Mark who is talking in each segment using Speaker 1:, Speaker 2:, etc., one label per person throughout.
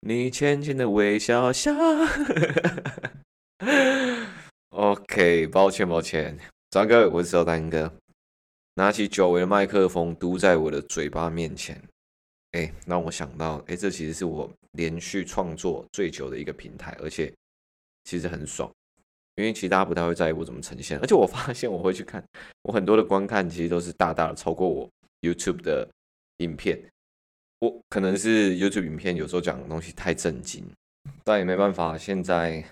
Speaker 1: 你淺淺的微笑笑 ，OK，抱歉抱歉，張哥，我是周丹哥，拿起久違的麥克風，嘟在我的嘴巴面前。哎、欸，讓我想到，哎、欸，這其實是我連續創作最久的一個平台，而且其實很爽，因為其實大家不太會在意我怎麼呈現，而且我發現我會去看，我很多的觀看其實都是大大的超過我 YouTube 的影片。我可能是 YouTube 影片有時候講的東西太震驚，但也沒辦法，現在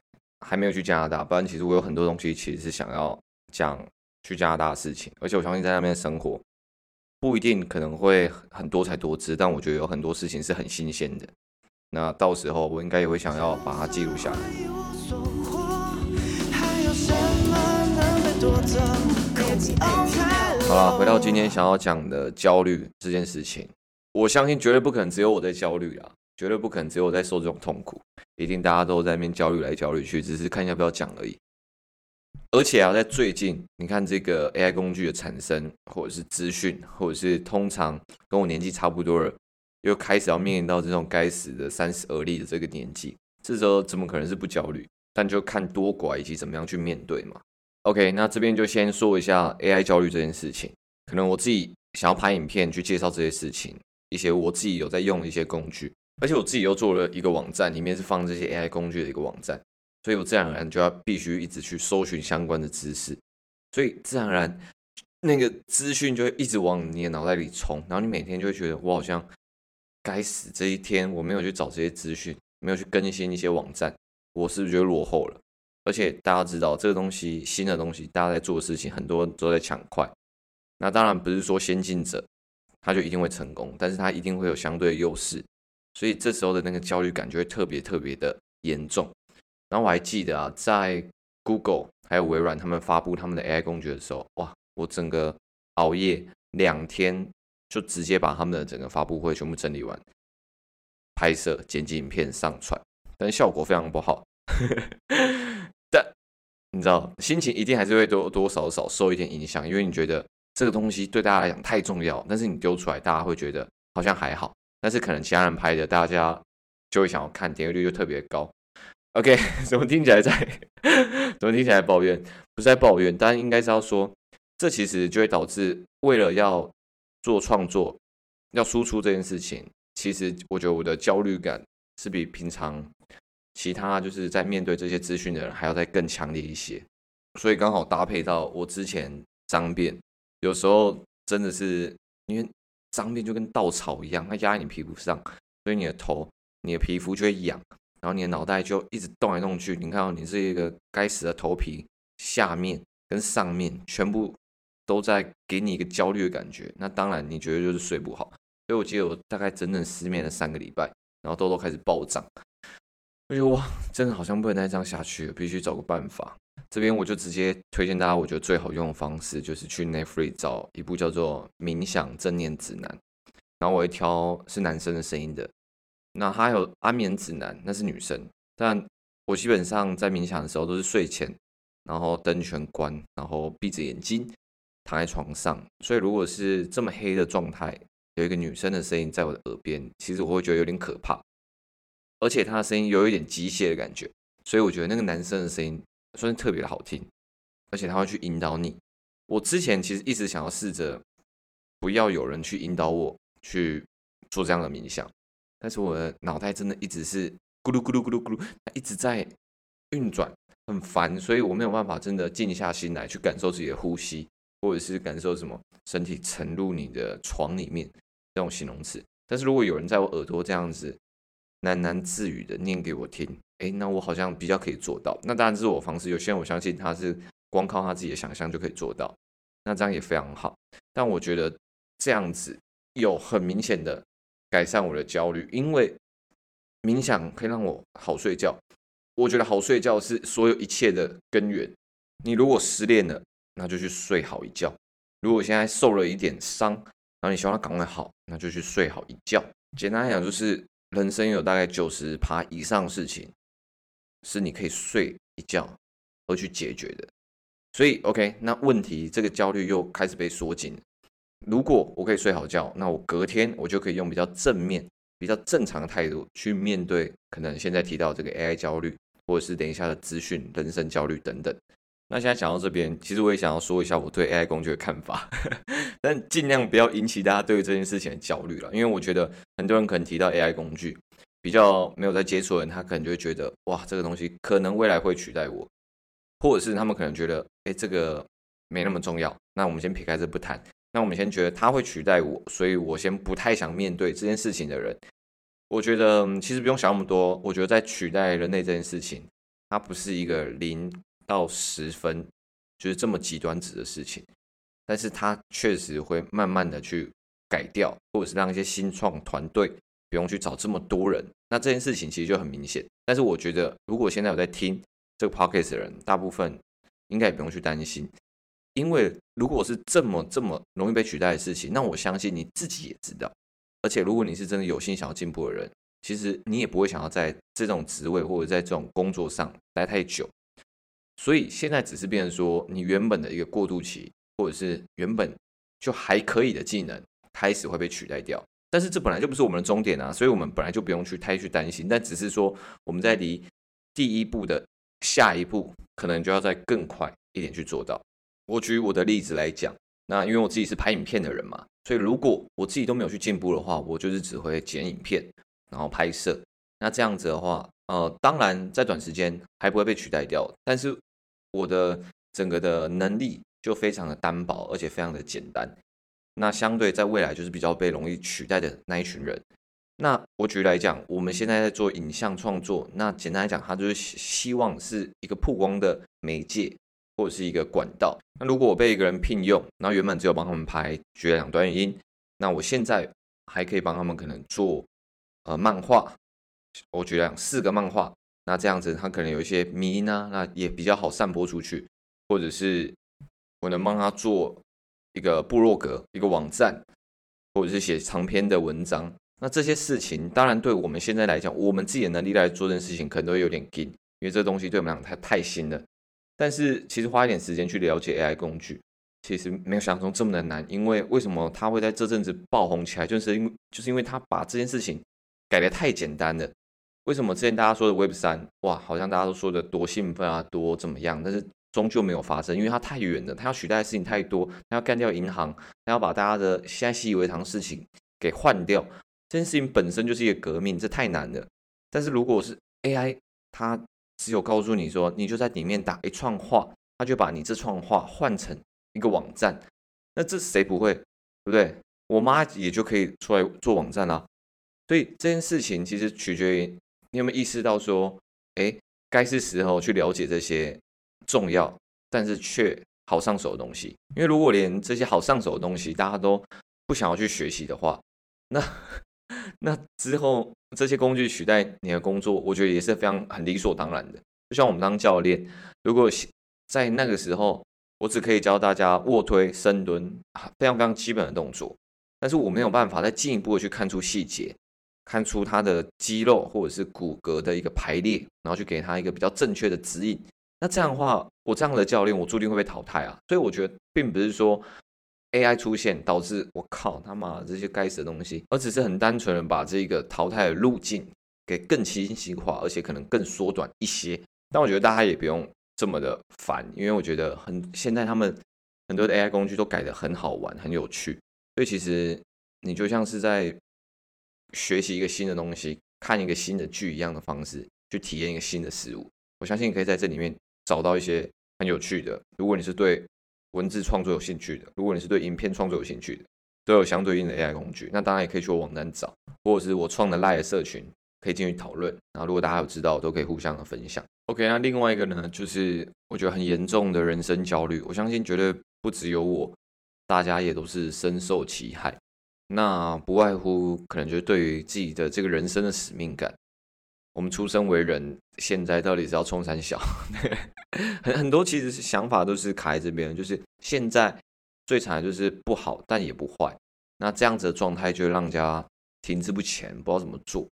Speaker 1: 還沒有去加拿大，不然其實我有很多東西其實是想要講去加拿大的事情，而且我相信在那邊生活不一定可能會很多彩多姿，但我覺得有很多事情是很新鮮的。那到時候我應該也會想要把它記錄下來。好了，回到今天想要講的焦慮這件事情。我相信絕對不可能只有我在焦慮啊，絕對不可能只有我在受這種痛苦。一定大家都在那邊焦慮來焦慮去，只是看一下要不要講而已。而且啊，在最近，你看這個 AI 工具的產生，或者是資訊，或者是通常跟我年紀差不多了，又開始要面臨到這種該死的三十而立的這個年紀，這時候怎麼可能是不焦慮？但就看多寡以及怎麼樣去面對嘛。OK，那這邊就先說一下 AI 焦慮這件事情。可能我自己想要拍影片去介紹這些事情。一些我自己有在用的一些工具，而且我自己又做了一個網站，裡面是放這些 AI 工具的一個網站。所以我自然而然就要必須一直去搜尋相關的知識，所以自然而然那個資訊就會一直往你的腦袋裡衝，然後你每天就會覺得我好像該死，這一天我沒有去找這些資訊，沒有去更新一些網站，我是不是就落後了？而且大家知道這個東西新的東西，大家在做的事情很多都在搶快，那當然不是說先進者。他就一定會成功，但是他一定會有相對的優勢，所以這時候的那個焦慮感就會特別特別的嚴重。然後我還記得啊，在 Google 還有微軟他們發布他們的 AI 工具的時候，哇，我整個熬夜兩天，就直接把他們的整個發布會全部整理完，拍攝、剪輯、影片上傳，但效果非常不好。 但你知道，心情一定還是會多多少少受一點影響，因為你覺得。這個東西對大家來講太重要，但是你丟出來，大家會覺得好像還好。但是可能其他人拍的，大家就會想要看，點擊率又特別高。OK，怎麼聽起來在？怎麼聽起來抱怨？不是在抱怨，但應該是要說，這其實就會導致為了要做創作、要輸出這件事情，其實我覺得我的焦慮感是比平常其他就是在面對這些資訊的人還要再更強烈一些。所以剛好搭配到我之前張變。有時候真的是因為髒辮就跟稻草一樣，它壓在你皮膚上，所以你的頭、你的皮膚就會癢，然後你的腦袋就一直動來動去。你看到你這一個該死的頭皮下面跟上面全部都在給你一個焦慮的感覺，那當然你覺得就是睡不好。所以我記得我大概整整失眠了三個禮拜，然後痘痘開始暴漲，哎呦哇，真的好像不能再這樣下去了，必須找個辦法。這邊我就直接推薦大家，我覺得最好用的方式就是去 Netflix 找一部叫做《冥想正念指南》，然後我會挑是男生的聲音的。那他還有安眠指南，那是女生。但我基本上在冥想的時候都是睡前，然後燈全關，然後閉着眼睛躺在床上。所以如果是這麼黑的狀態，有一個女生的聲音在我的耳邊，其實我會覺得有點可怕，而且她的聲音有一點機械的感覺。所以我覺得那個男生的聲音。所以特別的好聽，而且他會去引導你。我之前其實一直想要試着不要有人去引導我去做這樣的冥想，但是我的腦袋真的一直是咕嚕咕嚕咕嚕咕嚕，它一直在運轉，很煩，所以我沒有辦法真的靜下心來去感受自己的呼吸，或者是感受什麼身體沉入你的床裡面這種形容詞。但是如果有人在我耳朵這樣子，喃喃自語的念給我聽，哎、欸，那我好像比較可以做到。那當然是我方式，有些人我相信他是光靠他自己的想象就可以做到，那這樣也非常好。但我覺得這樣子有很明顯的改善我的焦慮，因為冥想可以讓我好睡覺。我覺得好睡覺是所有一切的根源。你如果失戀了，那就去睡好一覺；如果現在受了一點傷，然後你希望他趕快好，那就去睡好一覺。簡單來講就是。人生有大概九十趴以上事情是你可以睡一覺而去解決的，所以 OK，那問題這個焦慮又開始被鎖緊。如果我可以睡好覺，那我隔天我就可以用比較正面、比較正常的態度去面對可能現在提到的這個 AI 焦慮，或者是等一下的資訊、人生焦慮等等。那現在講到這邊，其實我也想要說一下我對 AI 工具的看法，呵呵，但盡量不要引起大家對於這件事情的焦慮了，因為我覺得很多人可能提到 AI 工具，比較沒有在接觸的人，他可能就會覺得哇，這個東西可能未來會取代我，或者是他們可能覺得哎、欸，這個沒那麼重要。那我們先撇開這不談，那我們先覺得他會取代我，所以我先不太想面對這件事情的人，我覺得其實不用想那麼多，我覺得在取代人類這件事情，它不是一個零。到十分就是這麼極端值的事情，但是它確實會慢慢的去改掉，或者是讓一些新創團隊不用去找這麼多人。那這件事情其實就很明顯。但是我覺得，如果現在有在聽這個 podcast 的人，大部分應該也不用去擔心，因爲如果是這麼這麼容易被取代的事情，那我相信你自己也知道。而且如果你是真的有心想要進步的人，其實你也不會想要在這種職位或者在這種工作上待太久。所以現在只是變成說，你原本的一個過渡期，或者是原本就還可以的技能，開始會被取代掉。但是這本來就不是我們的終點啊，所以我們本來就不用去太去擔心。但只是說，我們在離第一步的下一步，可能就要再更快一點去做到。我舉我的例子來講，那因為我自己是拍影片的人嘛，所以如果我自己都沒有去進步的話，我就是只會剪影片，然後拍攝。那這樣子的話，呃，當然在短時間還不會被取代掉，但是。我的整個的能力就非常的單薄，而且非常的簡單。那相對在未來就是比較被容易取代的那一群人。那我舉例來講，我們現在在做影像創作。那簡單來講，它就是希望是一個曝光的媒介，或者是一個管道。那如果我被一個人聘用，那原本只有幫他們拍學兩段語音、音，那我現在還可以幫他們可能做呃漫畫。我舉來講四個漫畫。那這樣子，他可能有一些迷因啊，那也比較好散播出去，或者是我能幫他做一個部落格，一個網站，或者是寫長篇的文章。那這些事情，當然對我們現在來講，我們自己的能力來做這件事情，可能都有點勁，因為這東西對我們來講太，太新了。但是其實花一點時間去了解 AI 工具，其實沒有想象中這麼的難。因為為什麼它會在這陣子爆紅起來，就是因為，就是因為他把這件事情改得太簡單了。為什麼之前大家說的 Web3，哇，好像大家都說的多興奮啊，多怎麼樣？但是終究沒有發生，因為它太遠了，它要取代的事情太多，它要幹掉銀行，它要把大家的現在習以為常事情給換掉，這件事情本身就是一個革命，這太難了。但是如果是 AI，它只有告訴你說，你就在裡面打一串話，它就把你這串話換成一個網站，那這誰不會，對不對？我媽也就可以出來做網站了啊。所以這件事情其實取決於。你有沒有意識到說，哎、欸，該是時候去了解這些重要但是卻好上手的東西？因為如果連這些好上手的東西大家都不想要去學習的話，那那之後這些工具取代你的工作，我覺得也是非常很理所當然的。就像我們當教練，如果在那個時候我只可以教大家臥推、深蹲，非常非常基本的動作，但是我沒有辦法再進一步的去看出細節。看出他的肌肉或者是骨骼的一個排列，然後去給他一個比較正確的指引。那這樣的話，我這樣的教練，我注定會被淘汰啊。所以我覺得，並不是說 AI 出現導致我靠他媽這些該死的東西，而只是很單純的把這個淘汰的路徑給更清晰化，而且可能更縮短一些。但我覺得大家也不用這麼的煩，因為我覺得很現在他們很多的 AI 工具都改得很好玩，很有趣。所以其實你就像是在，學習一個新的東西，看一個新的劇一樣的方式去體驗一個新的事物，我相信你可以在這裡面找到一些很有趣的。如果你是對文字創作有興趣的，如果你是對影片創作有興趣的，都有相對應的 AI 工具。那當然也可以去我網站找，或者是我創的 LINE 社群，可以進去討論。然後如果大家有知道，都可以互相的分享。OK，那另外一個呢，就是我覺得很嚴重的人生焦慮，我相信絕對不只有我，大家也都是深受其害。那不外乎可能就是對於自己的這個人生的使命感。我們出生為人，現在到底是要衝三小？很 很多其實是想法都是卡在這邊，就是現在最慘的就是不好，但也不壞。那這樣子的狀態就會讓人家停滯不前，不知道怎麼做。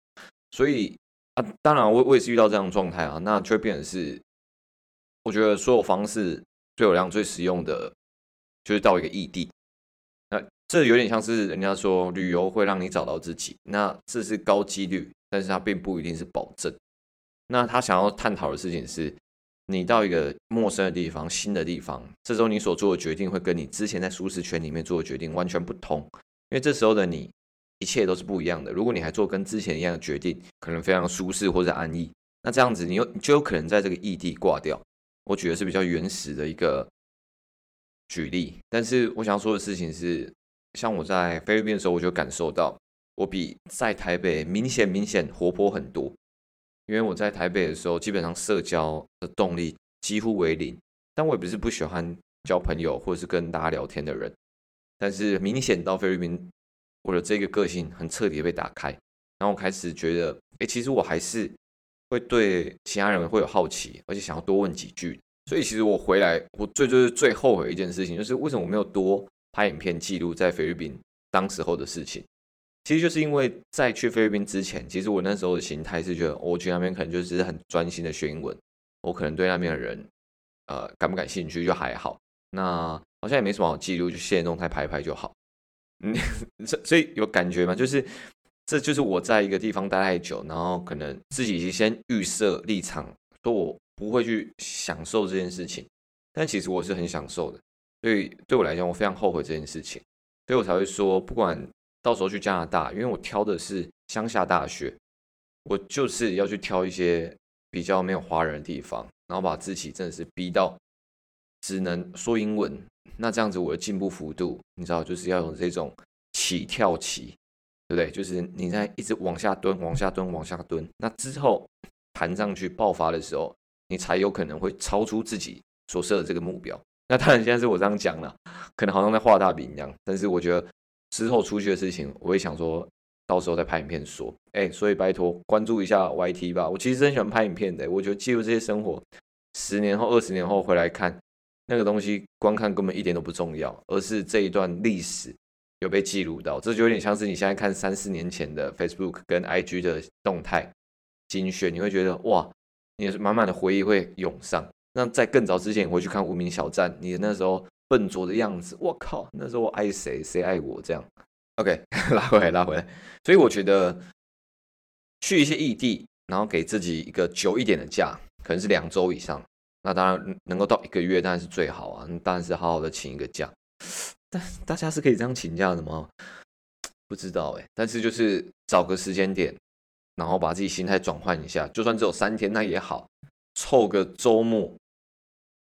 Speaker 1: 所以啊，當然我我也是遇到這樣的狀態啊，那就變成是，我覺得所有方式最有量、最實用的，就是到一個異地。這有點像是人家說旅遊會讓你找到自己，那這是高幾率，但是它並不一定是保證。那他想要探討的事情是，你到一個陌生的地方、新的地方，這時候你所做的決定會跟你之前在舒適圈裡面做的決定完全不同，因為這時候的你一切都是不一樣的。如果你還做跟之前一樣的決定，可能非常舒適或者安逸，那這樣子你就有可能在這個異地掛掉。我舉的是比較原始的一個舉例，但是我想要說的事情是，像我在菲律賓的時候，我就感受到我比在台北明顯明顯活潑很多。因為我在台北的時候，基本上社交的動力幾乎為零。但我也不是不喜歡交朋友或者是跟大家聊天的人。但是明顯到菲律賓，我的這個個性很徹底被打開，然後我開始覺得，哎，其實我還是會對其他人會有好奇，而且想要多問幾句。所以其實我回來，我最就是最後悔一件事情，就是為什麼我沒有多。拍影片記錄在菲律賓當時候的事情，其實就是因為在去菲律賓之前，其實我那時候的心態是覺得，我去那邊可能就只是很專心的學英文，我可能對那邊的人，呃，感不感興趣就還好，那好像也沒什麼好記錄，就現在動態拍拍就好。你、嗯、這所以有感覺嗎？就是這就是我在一個地方待太久，然後可能自己先預設立場，說我不會去享受這件事情，但其實我是很享受的。所以對我來講，我非常後悔這件事情，所以我才會說，不管到時候去加拿大，因為我挑的是鄉下大學，我就是要去挑一些比較沒有華人的地方，然後把自己真的是逼到只能說英文。那這樣子，我的進步幅度，你知道，就是要有這種起跳起，對不對？就是你在一直往下蹲，往下蹲，往下蹲，那之後彈上去爆發的時候，你才有可能會超出自己所設的這個目標。那當然，現在是我這樣講了，啊，可能好像在畫大餅一樣，但是我覺得之後出去的事情，我會想說到時候再拍影片說，哎，欸，所以拜托關注一下 YT 吧。我其實真喜歡拍影片的，欸，我覺得記錄這些生活，十年後、二十年後回來看那個東西，光看根本一點都不重要，而是這一段歷史有被記錄到，這就有點像是你現在看三四年前的 Facebook 跟 IG 的動態精選，你會覺得哇，你滿滿的回憶會湧上。那在更早之前，我會去看《無名小站》，你那時候笨拙的樣子，我靠，那時候我愛誰，誰愛我？這樣，OK，拉回來，拉回來。所以我覺得去一些異地，然後給自己一個久一點的假，可能是兩週以上。那當然能夠到一個月，當然是最好啊。當然是好好的請一個假。但大家是可以這樣請假的嗎？不知道欸。但是就是找個時間點，然後把自己心態轉換一下，就算只有三天，那也好，湊個週末。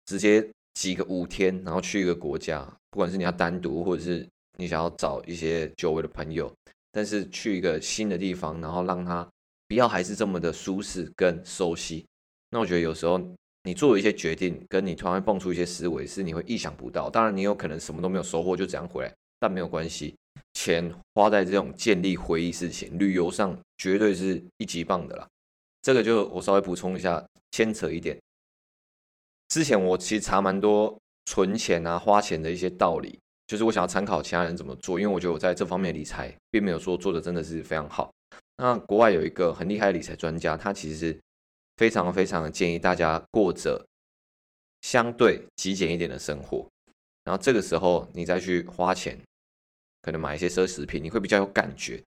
Speaker 1: 直接擠個五天，然後去一個國家，不管是你要單獨，或者是你想要找一些久違的朋友，但是去一個新的地方，然後讓他不要還是這麼的舒適跟熟悉。那我覺得有時候你做了一些決定，跟你突然會蹦出一些思維是你會意想不到。當然你有可能什麼都沒有收穫就這樣回來，但沒有關係，錢花在這種建立回憶事情旅遊上絕對是一級棒的啦。這個就我稍微補充一下，牽扯一點。之前我其實查蠻多存錢啊、花錢的一些道理，就是我想要參考其他人怎麼做，因為我覺得我在這方面的理財並沒有說做的真的是非常好。那國外有一個很厲害的理財專家，他其實是非常非常建議大家過着相對極簡一點的生活，然後這個時候你再去花錢，可能買一些奢侈品，你會比較有感覺。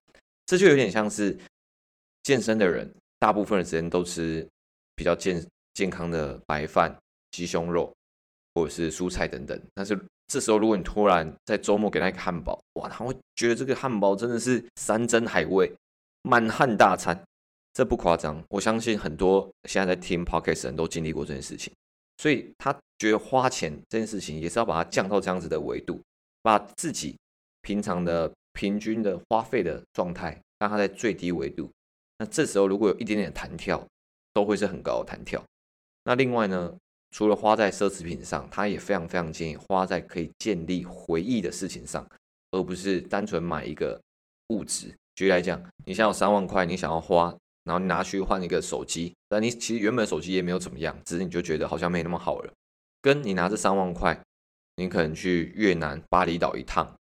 Speaker 1: 這就有點像是健身的人，大部分的時間都吃比較健健康的白飯。雞胸肉，或者是蔬菜等等。但是這時候，如果你突然在周末給他一個漢堡，哇，他會覺得這個漢堡真的是山珍海味、滿漢大餐，這不誇張。我相信很多現在在聽 podcast 的人都經歷過這件事情，所以他覺得花錢這件事情也是要把它降到這樣子的維度，把自己平常的平均的花費的狀態讓他在最低維度。那這時候如果有一點點的彈跳，都會是很高的彈跳。那另外呢？除了花在奢侈品上，他也非常非常建議花在可以建立回憶的事情上，而不是單純買一個物質。舉例來講，你現在有三萬塊，你想要花，然後你拿去換一個手機，那你其實原本手機也沒有怎麼樣，只是你就覺得好像沒那麼好了。跟你拿這三萬塊，你可能去越南巴厘島一趟，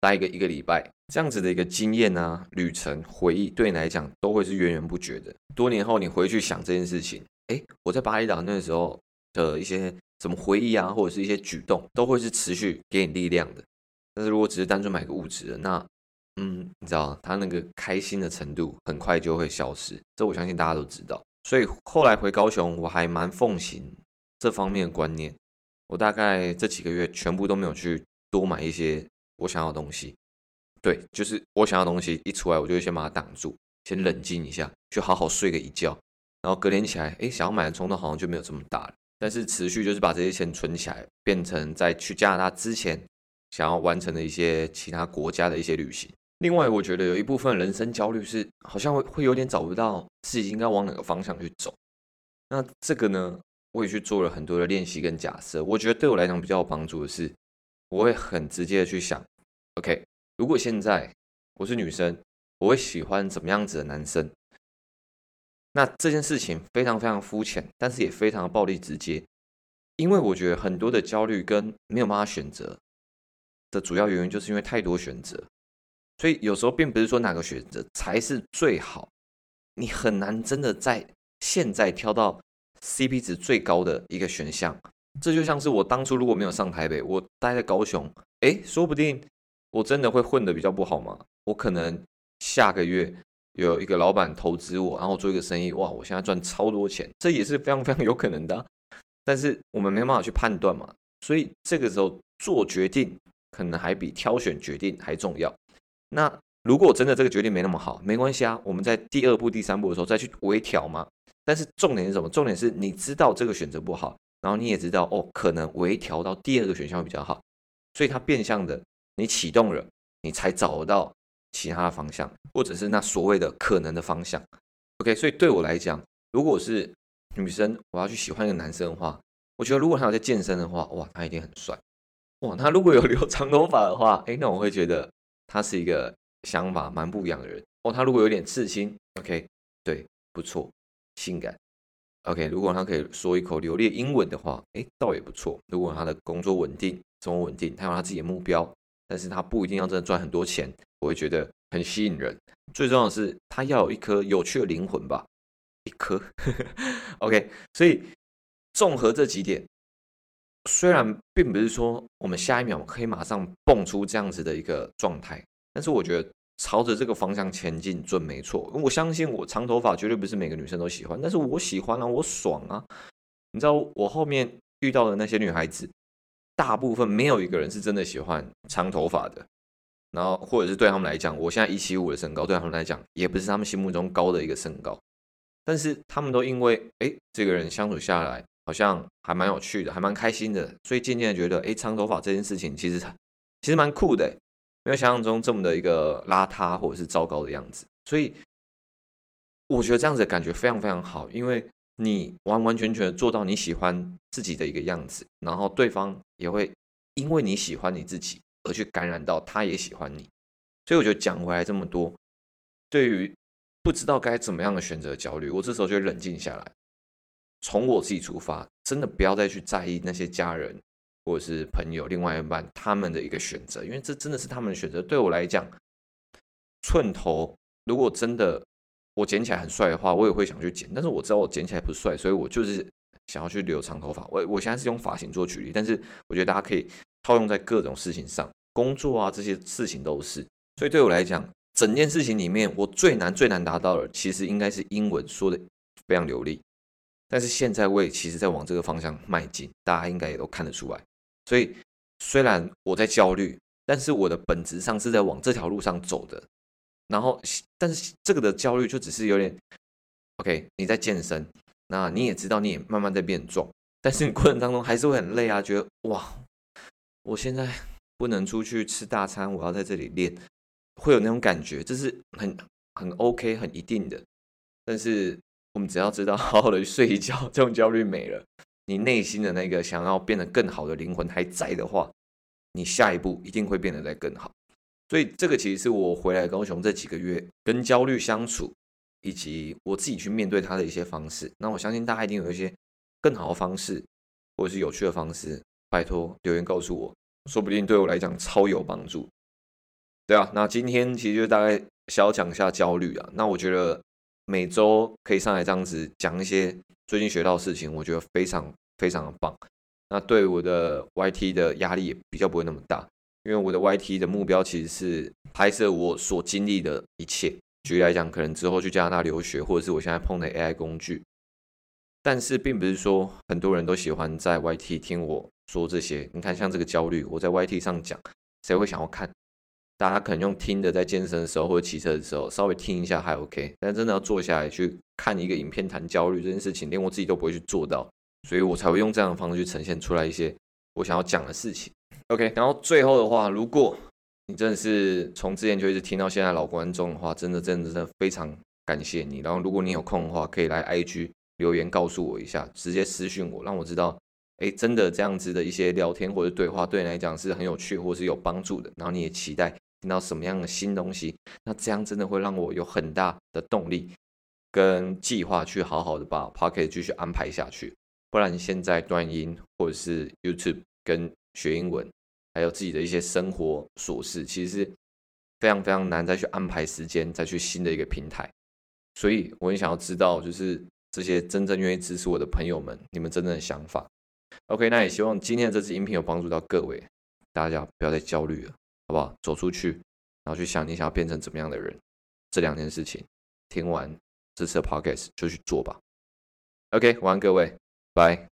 Speaker 1: 待個一個禮拜，這樣子的一個經驗呢、啊、旅程、回憶，對你來講都會是源源不絕的。多年後你回去想這件事情，誒，我在巴厘島那個時候。的一些什麼回憶啊，或者是一些舉動，都會是持續給你力量的。但是如果只是單純買個物質的，那嗯，你知道，他那個開心的程度很快就會消失。這我相信大家都知道。所以後來回高雄，我還蠻奉行這方面的觀念。我大概這幾個月全部都沒有去多買一些我想要的東西。對，就是我想要的東西一出來，我就先把它擋住，先冷靜一下，去好好睡個一覺，然後隔天起來，哎，想要買的衝動好像就沒有這麼大了。但是持續就是把這些錢存起來，變成在去加拿大之前想要完成的一些其他國家的一些旅行。另外，我覺得有一部分人生焦慮是好像會會有點找不到自己應該往哪個方向去走。那這個呢，我也去做了很多的練習跟假設。我覺得對我來講比較有幫助的是，我會很直接的去想，OK，如果現在我是女生，我會喜歡怎麼樣子的男生？那這件事情非常非常膚淺，但是也非常的暴力直接，因為我覺得很多的焦慮跟沒有辦法選擇的主要原因，就是因為太多選擇，所以有時候並不是說哪個選擇才是最好，你很難真的在現在挑到 CP 值最高的一個選項。這就像是我當初如果沒有上台北，我待在高雄，誒，說不定我真的會混得比較不好嘛，我可能下個月。有一個老闆投資我，然後我做一個生意，哇，我現在賺超多錢，這也是非常非常有可能的，但是我們沒辦法去判斷嘛，所以這個時候做決定可能還比挑選決定還重要。那如果真的這個決定沒那麼好，沒關係啊，我們在第二步、第三步的時候再去微調嘛。但是重點是什麼？重點是你知道這個選擇不好，然後你也知道哦，可能微調到第二個選項比較好，所以它變相的你啟動了，你才找得到。其他的方向，或者是那所謂的可能的方向。OK，所以對我來講，如果是女生，我要去喜歡一個男生的話，我覺得如果他有在健身的話，哇，他一定很帥。哇，他如果有留長頭髮的話，誒，那我會覺得他是一個想法蠻不一樣的人。哦，他如果有點刺青，OK，對，不錯，性感。OK，如果他可以說一口流利英文的話，誒，倒也不錯。如果他的工作穩定，生活穩定，他有他自己的目標，但是他不一定要真的賺很多錢，我會覺得很吸引人。最重要的是，他要有一顆有趣的靈魂吧，一顆。呵 呵 OK，所以綜合這幾點，雖然並不是說我們下一秒可以馬上蹦出這樣子的一個狀態，但是我覺得朝着這個方向前進準沒錯。我相信我長頭髮絕對不是每個女生都喜歡，但是我喜歡啊，我爽啊。你知道我後面遇到的那些女孩子。大部分沒有一個人是真的喜歡長頭髮的，然後或者是對他們來講，我現在一七五的身高對他們來講也不是他們心目中高的一個身高，但是他們都因為誒、欸、這個人相處下來好像還蠻有趣的，還蠻開心的，所以漸漸覺得誒、欸、長頭髮這件事情其實其實蠻酷的，沒有想象中這麼的一個邋遢或者是糟糕的樣子，所以我覺得這樣子的感覺非常非常好，因為。你完完全全做到你喜歡自己的一個樣子，然後對方也會因為你喜歡你自己而去感染到他也喜歡你，所以我就講回來這麼多，對於不知道該怎麼樣的選擇焦慮，我這時候就冷靜下來，從我自己出發，真的不要再去在意那些家人或者是朋友、另外一半他們的一個選擇，因為這真的是他們的選擇，對我來講，寸頭如果真的。我剪起來很帥的話，我也會想去剪，但是我知道我剪起來不帥，所以我就是想要去留長頭髮。我我現在是用髮型做舉例，但是我覺得大家可以套用在各種事情上，工作啊，這些事情都是。所以對我來講，整件事情裡面我最難最難達到的，其實應該是英文說得非常流利，但是現在我也其實在往這個方向邁進，大家應該也都看得出來。所以雖然我在焦慮，但是我的本質上是在往這條路上走的。然後，但是這個的焦慮就只是有點，OK，你在健身，那你也知道你也慢慢在變壯，但是你過程當中還是會很累啊，覺得哇，我現在不能出去吃大餐，我要在這裡練，會有那種感覺，這是很很 OK 很一定的。但是我們只要知道好好的睡一覺，這種焦慮沒了，你內心的那個想要變得更好的靈魂還在的話，你下一步一定會變得再更好。所以這個其實是我回來高雄這幾個月跟焦慮相處，以及我自己去面對它的一些方式。那我相信大家一定有一些更好的方式，或者是有趣的方式，拜託留言告訴我，說不定對我來講超有幫助。對啊，那今天其實就大概小講一下焦慮啊。那我覺得每周可以上來這樣子講一些最近學到的事情，我覺得非常非常的棒。那對我的 YT 的壓力也比較不會那麼大。因為我的 YT 的目標其實是拍攝我所經歷的一切，舉例來講，可能之後去加拿大留學，或者是我現在碰的 AI 工具。但是並不是說很多人都喜歡在 YT 聽我說這些。你看，像這個焦慮，我在 YT 上講，誰會想要看？大家可能用聽的，在健身的時候或者騎車的時候，稍微聽一下還 OK。但真的要坐下來去看一個影片談焦慮這件事情，連我自己都不會去做到，所以我才會用這樣的方式去呈現出來一些我想要講的事情。OK，然後最後的話，如果你真的是從之前就一直聽到現在老觀眾的話，真的真的真的非常感謝你。然後如果你有空的話，可以來 IG 留言告訴我一下，直接私訊我，讓我知道，哎，真的這樣子的一些聊天或者對話，對你來講是很有趣或者是有幫助的。然後你也期待聽到什麼樣的新東西，那這樣真的會讓我有很大的動力跟計劃去好好的把 Pocket 繼續安排下去。不然你現在斷音或者是 YouTube 跟學英文，還有自己的一些生活瑣事，其實是非常非常難再去安排時間，再去新的一個平台。所以我很想要知道，就是這些真正願意支持我的朋友們，你們真正的想法。OK，那也希望今天的這次音頻有幫助到各位，大家不要再焦慮了，好不好？走出去，然後去想你想要變成怎麼樣的人，這兩件事情。聽完這次的 Podcast 就去做吧。OK，晚安，各位，拜。